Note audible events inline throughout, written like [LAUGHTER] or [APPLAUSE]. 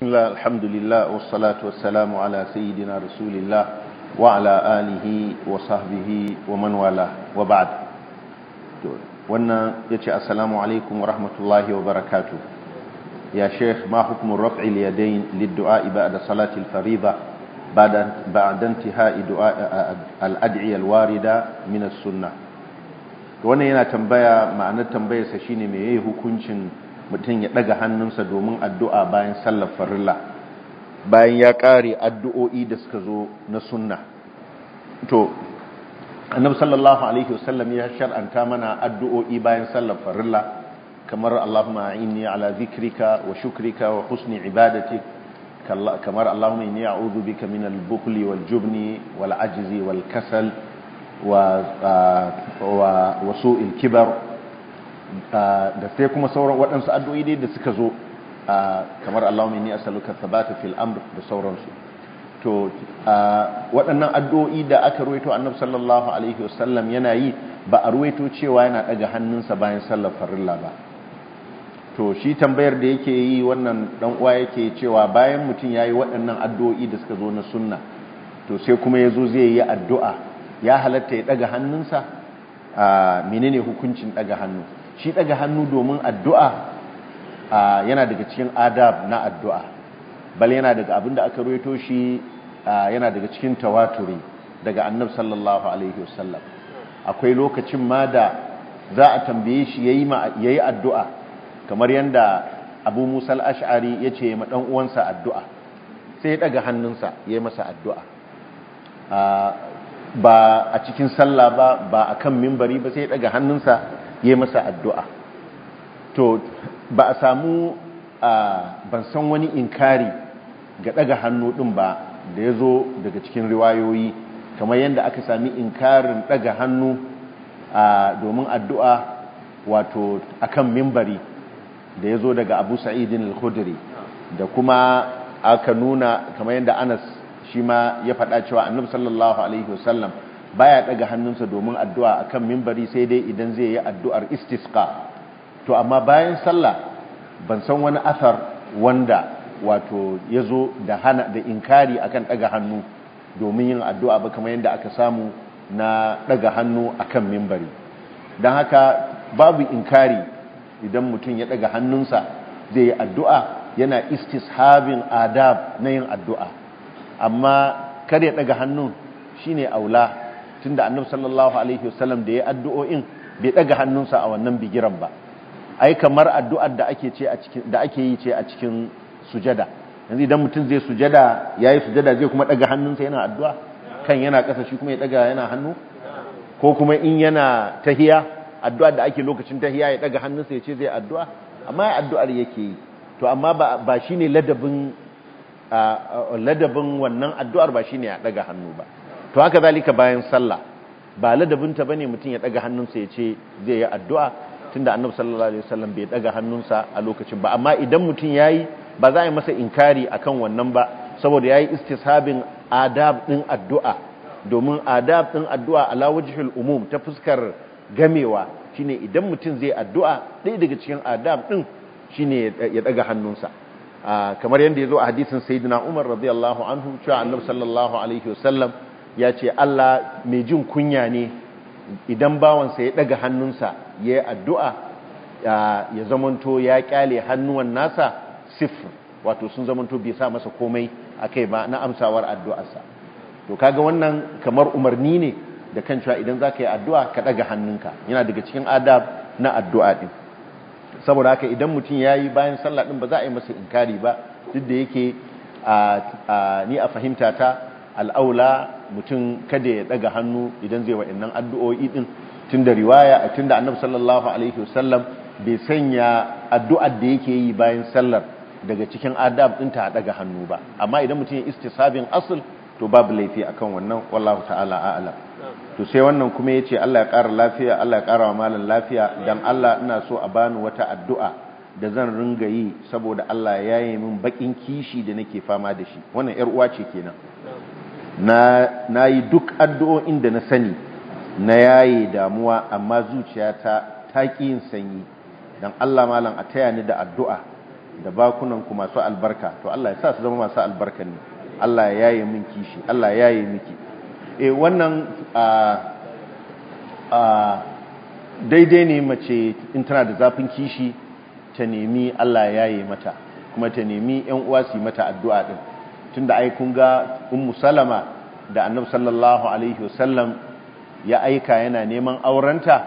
بسم الله الحمد لله والصلاة والسلام على سيدنا رسول الله وعلى آله وصحبه ومن والاه وبعد وانا يتي السلام عليكم ورحمة الله وبركاته يا شيخ ما حكم رفع اليدين للدعاء بعد صلاة الفريضة بعد بعد انتهاء دعاء الأدعية الواردة من السنة وانا ينا تنبيا معنى تنبيا سشيني ميه هكونشن mutum ya ɗaga hannunsa domin addu'a bayan sallar farilla bayan ya ƙare addu'o'i da suka zo na sunna to annabu sallallahu alaihi wasallam ya shar'anta mana addu'o'i bayan sallar farilla kamar allahumma inni ala zikrika wa shukrika wa husni ibadati kamar allahumma inni a'udhu bika min al-bukhli wal jubni wal ajzi wal kasal wa uh, su'il kibar da sai kuma sauran waɗansu addu'o'i dai da suka zo kamar Allahumma a as'aluka sabata fil amr da sauransu to waɗannan addu'o'i da aka ruwaito annabi sallallahu alaihi wasallam yana yi ba a ruwaito cewa yana ɗaga hannunsa bayan sallar farilla ba to shi tambayar da yake yi wannan dan uwa yake cewa bayan mutum ya yi waɗannan addu'o'i da suka zo na sunna to sai kuma ya zo zai yi addu'a ya halatta ya ɗaga hannunsa a menene hukuncin ɗaga hannu shi daga hannu domin addu'a yana daga cikin adab na addu'a bal yana daga abin da aka roito shi yana daga cikin tawaturi daga annab sallallahu alaihi wasallam akwai lokacin ma da za a tambaye shi ya yi addu'a kamar yadda abu musa al'ash'ari ya ce ma ɗan uwansa addu'a sai ya ɗaga hannunsa ya yi masa addu'a ba a cikin sallah ba ba a kan mimbari ba sai ya ɗaga hannunsa Yi masa addu'a to ba a samu ban san wani inkari ga ɗaga hannu ɗin ba da ya zo daga cikin riwayoyi kamar yadda aka sami inkarin ɗaga hannu domin addu'a wato akan mimbari da ya zo daga abu sa'idin al-khudri da kuma aka nuna kamar yadda anas shi ma ya faɗa cewa annabi sallallahu alaihi wasallam baya daga hannunsa domin addu'a akan mimbari sai dai idan zai yi addu'ar istisqa to amma bayan sallah ban san wani asar wanda wato yazo da hana da inkari akan daga hannu domin yin addu'a ba kamar yadda aka samu na daga hannu akan mimbari dan haka babu inkari idan mutum ya daga hannunsa zai yi addu'a yana istishabin adab na yin addu'a amma kar ya daga hannun shine aula tunda annabi sallallahu alaihi wasallam da ya addu'o'in bai daga hannunsa a wannan bigiran ba ai kamar addu'ar da ake ce a cikin da ake yi ce a cikin sujada yanzu idan mutum zai sujada yayi sujada zai kuma daga hannunsa yana addu'a kan yana kasa shi kuma ya daga yana hannu ko kuma in yana tahiya addu'ar da ake lokacin tahiya ya daga hannunsa ya ce zai addu'a amma addu'ar yake yi to amma ba shine ladabin ladabin wannan addu'ar ba shine ya daga hannu ba to haka zalika bayan sallah ba ladabinta bane mutum ya daga hannunsa ya ce zai yi addu'a tunda annabi sallallahu alaihi wasallam bai daga hannunsa a lokacin ba amma idan mutum yayi ba za a yi masa inkari akan wannan ba saboda yayi istishabin adab din addu'a domin adab din addu'a ala wajhil umum ta fuskar gamewa shine idan mutum zai addu'a dai daga cikin adab din shine ya daga hannunsa ah, kamar yadda ya zo a hadisin sayyidina Umar radiyallahu anhu cewa annabi sallallahu alaihi wasallam ya ce Allah mai jin kunya ne idan bawansa ya ɗaga hannunsa ya yi addu'a ya zamanto ya kyale hannuwan nasa sifir wato sun zamanto bai sa masa komai a kai ba na amsawar addu'arsa to kaga wannan kamar umarni ne da kan cewa idan za ka yi addu'a ka daga hannunka yana daga cikin adab na addu'a ɗin saboda haka idan mutum ya yi bayan sallah ɗin ba za a yi masa inkari ba duk da yake ni a fahimta ta al'aula mutum kada ya daga hannu idan zai wa'annan addu'o'i ɗin tun da riwaya tun tunda annabi sallallahu alaihi wasallam bai sanya addu'ar da yake yi bayan sallar daga cikin adab ta a daga hannu ba amma idan mutum ya sabin asl to babu laifi a kan wannan wallahu ta'ala a'lam to sai wannan kuma ya ce Allah ya ƙara lafiya Allah ya ƙara wa malam lafiya don Allah ina so a bani wata addu'a da zan ringa yi saboda Allah ya yi min baƙin kishi da nake fama da shi wannan yar uwa ce kenan na yi duk addu'o'in da na sani na yaye damuwa amma zuciya ta ƙi yin sanyi don Allah malam a taya ni da addu'a da bakunanku masu albarka to Allah ya sa su zama masu albarka ne Allah ya yaye min kishi Allah ya yaye miki e wannan daidai ne mace in tana da zafin kishi ta nemi Allah ya yaye mata kuma ta nemi ‘yan uwa su yi mata addu'a ɗin tunda da aikun ga ummu salama da annabu sallallahu alaihi wasallam ya aika yana neman aurenta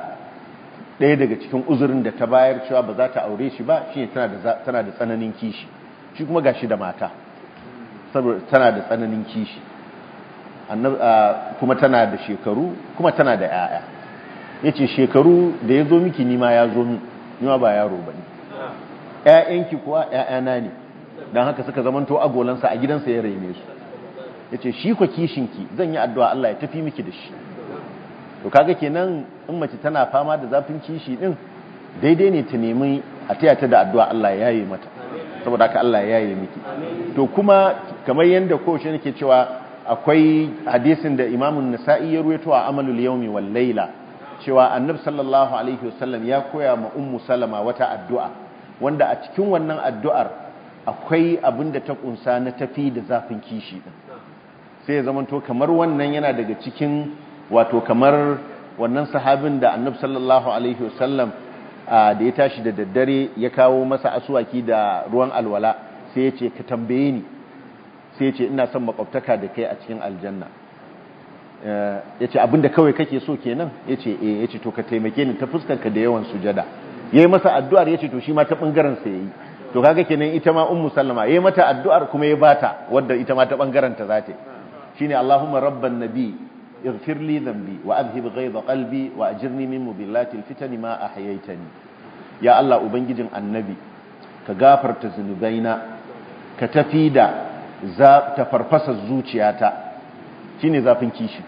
ɗaya daga cikin uzurin da ta bayar cewa ba za ta aure shi ba ne tana da tsananin kishi shi kuma gashi da mata saboda tana da tsananin kishi kuma tana da shekaru kuma tana da 'ya'ya ce shekaru da ya zo miki nima ya zo ni nima ba yaro ba ne ah. 'ya'yanki kuwa 'ya'yana ne don haka suka zamanto agolansa a gidansa ya raine su ya ce shi kwa kishinki zan yi addu'a Allah ya tafi miki da shi to kaga kenan in mace tana fama da zafin kishi din daidai ne ta nemi a taya ta da addu'a Allah ya yi mata saboda haka Allah ya yi miki to kuma kamar yadda kowace nake cewa akwai hadisin da imamun nasa'i ya ruwaito a amalul yaumi wal laila cewa annabi sallallahu alaihi wasallam ya koya ma ummu salama wata addu'a wanda a cikin wannan addu'ar akwai abin da ta kunsa na tafi da zafin kishi din sai ya zamanto kamar wannan yana daga cikin wato kamar wannan sahabin da annabi sallallahu alaihi wasallam da ya tashi da daddare ya kawo masa asuwaki da ruwan alwala sai ya ce ka tambaye ni sai ya ce ina son makwabtaka da kai a cikin aljanna eh, ya ce abinda kawai kake so kenan ya ce eh ya ce to ka taimake ni ta fuskanka da yawan sujada ya yi masa addu'ar ya ce to shi ma ta ɓangaren sa ya yi to kaga kenan ita ma ummu sallama yayi mata addu'ar kuma ya bata wanda ita ma ta bangaren ta zate shine allahumma rabban nabi اغفر لي ذنبي واذهب غيظ قلبي واجرني من مبلات الفتن ما احييتني ya allah ubangijin annabi ka gafarta zunubaina ka tafida za ta farfasa zuciyata shine zafin kishi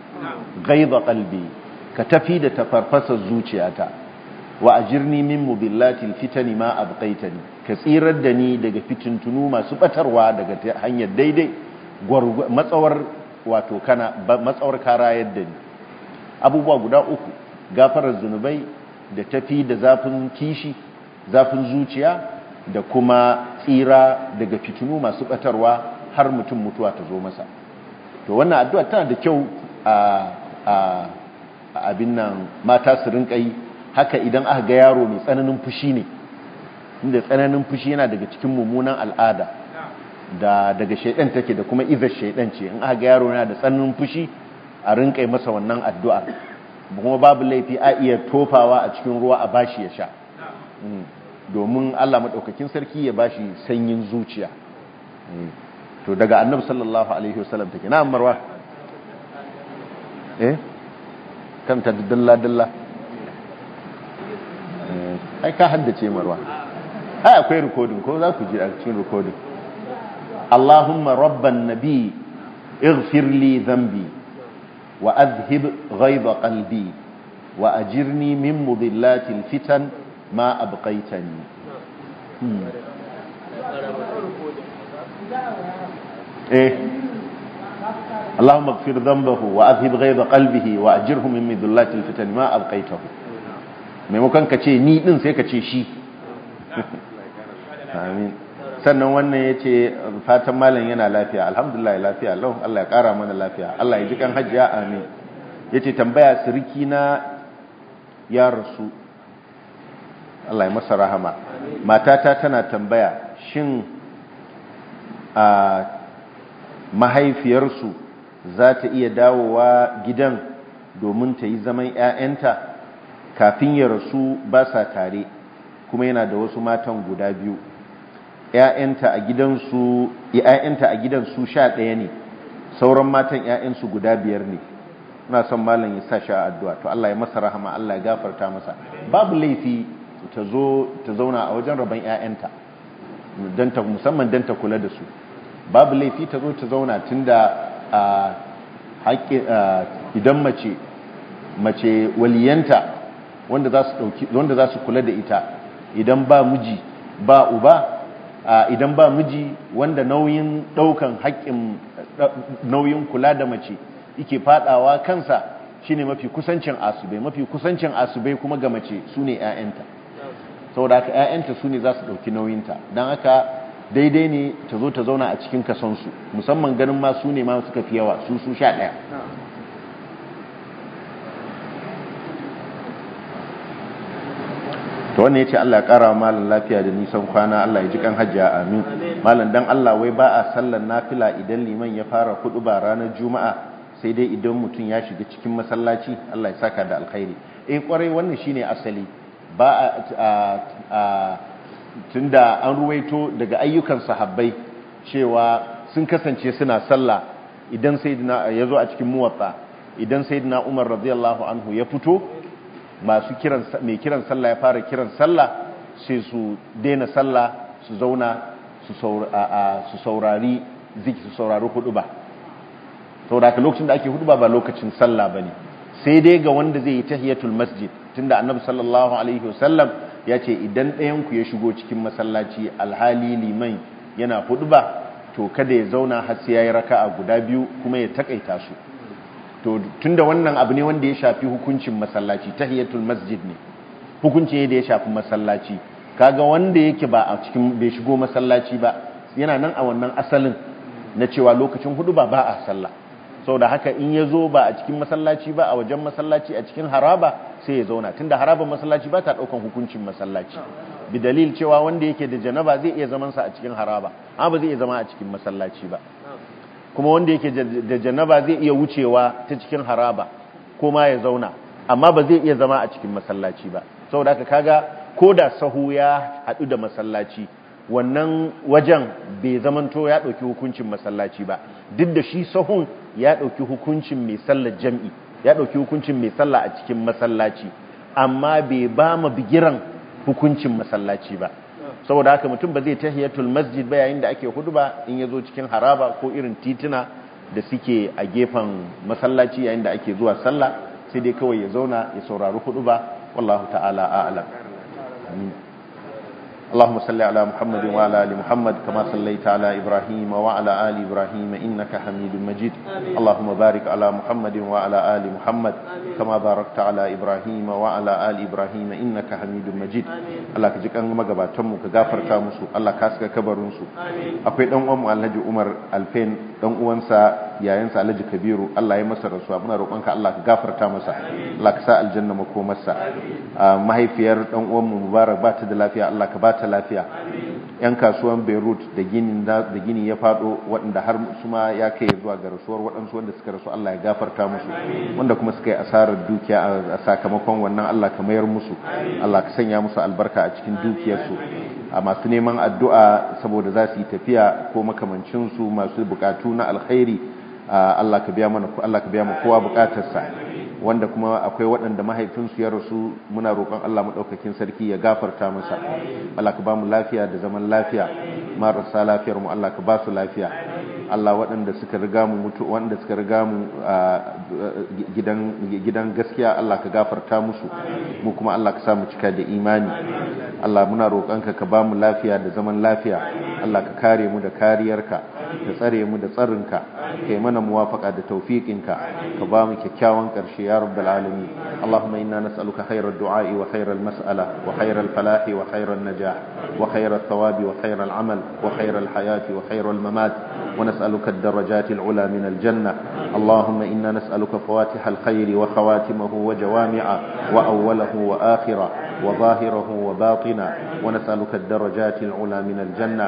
غيظ قلبي ka tafida ta farfasa zuciyata wa ajirni min mubillatil fitani ma abqaitani ka tsirar da ni daga fitintunu masu batarwa daga hanyar daidai matsawar wato kana matsawar karayar da ni abubuwa guda uku gafarar zunubai da tafi da zafin kishi zafin zuciya da kuma tsira daga fitinu masu batarwa har mutum mutuwa ta zo masa to wannan addu'a tana da kyau a abin nan mata su rinka yi haka idan aka ga yaro mai tsananin fushi ne inda tsananin fushi yana daga cikin mummunan al'ada da daga shaidan take da kuma izar shaidan ce in aka ga yaro yana da tsananin fushi a rinka masa wannan addu'a kuma babu laifi a iya tofawa a cikin ruwa a bashi ya sha mm. domin Allah maɗaukakin sarki ya bashi sanyin zuciya mm. to daga annabi sallallahu alaihi wasallam take na marwa eh kan ta dalla dalla ai ka haddace marwa ai akwai recording ko za ku ji a cikin recording Allahumma rabban nabi ighfir li dhanbi wa azhib ghaiba qalbi wa ajirni min mudillati fitan ma abqaitani hmm. eh اللهم اغفر ذنبه واذهب غيظ قلبه واجره من مذلات الفتن ما ابقيته maimakon ka ce ni din sai ka ce shi [LAUGHS] amin sannan wannan ya ce fatan malam yana lafiya alhamdulillah lafiya lau Allah ya kara mana lafiya Allah ya ji kan hajjiya amin ya ce tambaya siriki na ya rasu Allah ya masa rahama matata tana tambaya shin a mahaifiyarsu za ta iya dawowa gidan domin ta yi zaman 'ya'yanta kafin ya rasu ba sa tare kuma yana da wasu matan guda biyu ‘ya'yanta a gidansu sha ɗaya ne sauran matan ‘ya'yansu guda biyar ne na son malam ya sa sha addu'a to Allah ya masa rahama Allah ya gafarta masa babu laifi ta zauna a wajen rabon ‘ya'yanta musamman don ta kula da su babu laifi ta zo ta zauna tun da idan mace waliyanta wanda za su kula da ita idan ba miji ba uba idan ba miji wanda nauyin daukan haƙƙin nauyin kula da mace yake fadawa kansa shine mafi kusancin asube mafi kusancin asube kuma ga mace sune ƴaƴanta saboda haka ƴaƴanta sune za su dauki nauyinta dan haka daidai ne ta zo ta zauna a cikin kasansu musamman ganin ma sune ma suka fi yawa su su ɗaya. to wannan yace Allah ya kara malam lafiya da nisan kwana Allah ya ji kan hajjia amin malam dan Allah wai ba a sallar nafila idan liman ya fara ba ranar juma'a sai dai idan mutum ya shiga cikin masallaci Allah ya saka da alkhairi eh kwarai wannan shine asali ba a tunda an ruwaito daga ayyukan sahabbai cewa sun kasance suna sallah idan sayyidina yazo a cikin muwatta idan sayyidina Umar radiyallahu anhu ya fito masu kiran mai kiran sallah ya fara kiran sallah sai su daina sallah su zauna su saurari ziki su saurari huduba ba da lokacin da ake huduba ba lokacin sallah bane sai dai ga wanda zai yi tahiyatul masjid tunda annabi sallallahu alaihi wasallam ya ce idan ɗayan ku ya shigo cikin masallaci alhali liman yana huɗuba to kada ya zauna har sai yayi raka'a guda biyu kuma ya takaita su to tunda wannan abu ne wanda ya shafi hukuncin masallaci tahiyatul masjid ne hukunci da ya shafi masallaci kaga wanda yake ba a cikin bai shigo masallaci ba yana nan a wannan asalin na cewa lokacin hudu ba ba a sallah saboda haka in ya zo ba a cikin masallaci ba a wajen masallaci a cikin haraba sai ya zauna tunda harabar masallaci ba ta daukan hukuncin masallaci bi dalil cewa wanda yake da janaba zai iya zamansa a cikin haraba amma ba zai iya zama a cikin masallaci ba kuma wanda yake da janaba zai iya wucewa ta cikin haraba ko ma ya zauna amma ba zai iya zama a cikin masallaci ba saboda haka kaga ko da sahu ya haɗu da masallaci wannan wajen bai zamanto ya ɗauki hukuncin masallaci ba duk da shi sahun ya ɗauki hukuncin mai sallar jam'i ya ɗauki hukuncin mai sallah a cikin masallaci amma bai ba ma bigiran hukuncin masallaci ba saboda haka mutum ba zai tahiyatul masjid ba yayin da ake ba in yazo cikin haraba ko irin tituna da suke a gefen masallaci yayin da ake zuwa sallah sai dai kawai ya zauna ya saurari ba wallahu ta'ala a'lam اللهم صل على محمد وعلى ال محمد كما صليت على ابراهيم وعلى ال ابراهيم انك حميد مجيد اللهم بارك على محمد وعلى ال محمد كما باركت على ابراهيم وعلى ال ابراهيم انك حميد مجيد Allah ka ji kan magabatan mu ka gafarta musu Allah ka kabarin su akwai dan uwan Alhaji Umar Alfen dan uwansa yayansa Alhaji Kabiru Allah ya masa rasuwa muna roƙon ka Allah ka gafarta masa Allah ka sa aljanna makomarsa ah, mahaifiyar dan uwan mu ba ta da lafiya ka ta lafiya yan kasuwan beirut da gini ya fado waɗanda har suma ya kai zuwa ga rasuwar waɗansu wanda suka rasu allah ya gafarta musu wanda kuma suka yi asarar dukiya a sakamakon wannan allah ka mayar musu allah ka sanya musu albarka a cikin dukiyarsu a masu neman addu'a saboda za su yi tafiya ko makamancinsu masu bukatu na alkhairi allah ka biya mana kowa bukatarsa wanda kuma akwai waɗanda mahaifinsu ya rasu muna roƙon Allah maɗaukakin sarki ya gafarta masa Allah ka ba mu lafiya da zaman lafiya marasa lafiyar mu Allah ka ba su lafiya Allah waɗanda suka riga mu mutu waɗanda suka riga mu gidan gidan gaskiya Allah ka gafarta musu mu kuma Allah ka sa mu cika da imani Allah muna roƙonka ka ba mu lafiya da zaman lafiya Allah ka kare mu da kariyarka ka tsare mu da tsarinka kai mana muwafaqa da tawfiqinka ka ba mu kyakkyawan karshe ya rabbal alamin allahumma inna nas'aluka khairar du'a'i wa khairal mas'ala wa khairal falahi wa khairan najah wa khairal thawabi wa khairal amal wa khairal hayati wa khairal mamat wa nas'aluka ad-darajat al-ula min al-janna allahumma inna nas'aluka fawatiha al-khair wa khawatimahu wa jawami'a wa awwalahu wa akhirah وظاهره وباطنه ونسألك الدرجات العلى من الجنة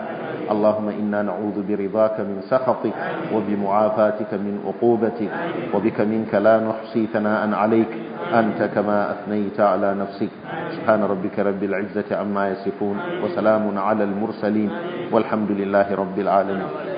اللهم إنا نعوذ برضاك من سخطك وبمعافاتك من عقوبتك وبك منك لا نحصي ثناء عليك أنت كما أثنيت على نفسك سبحان ربك رب العزة عما يصفون وسلام على المرسلين والحمد لله رب العالمين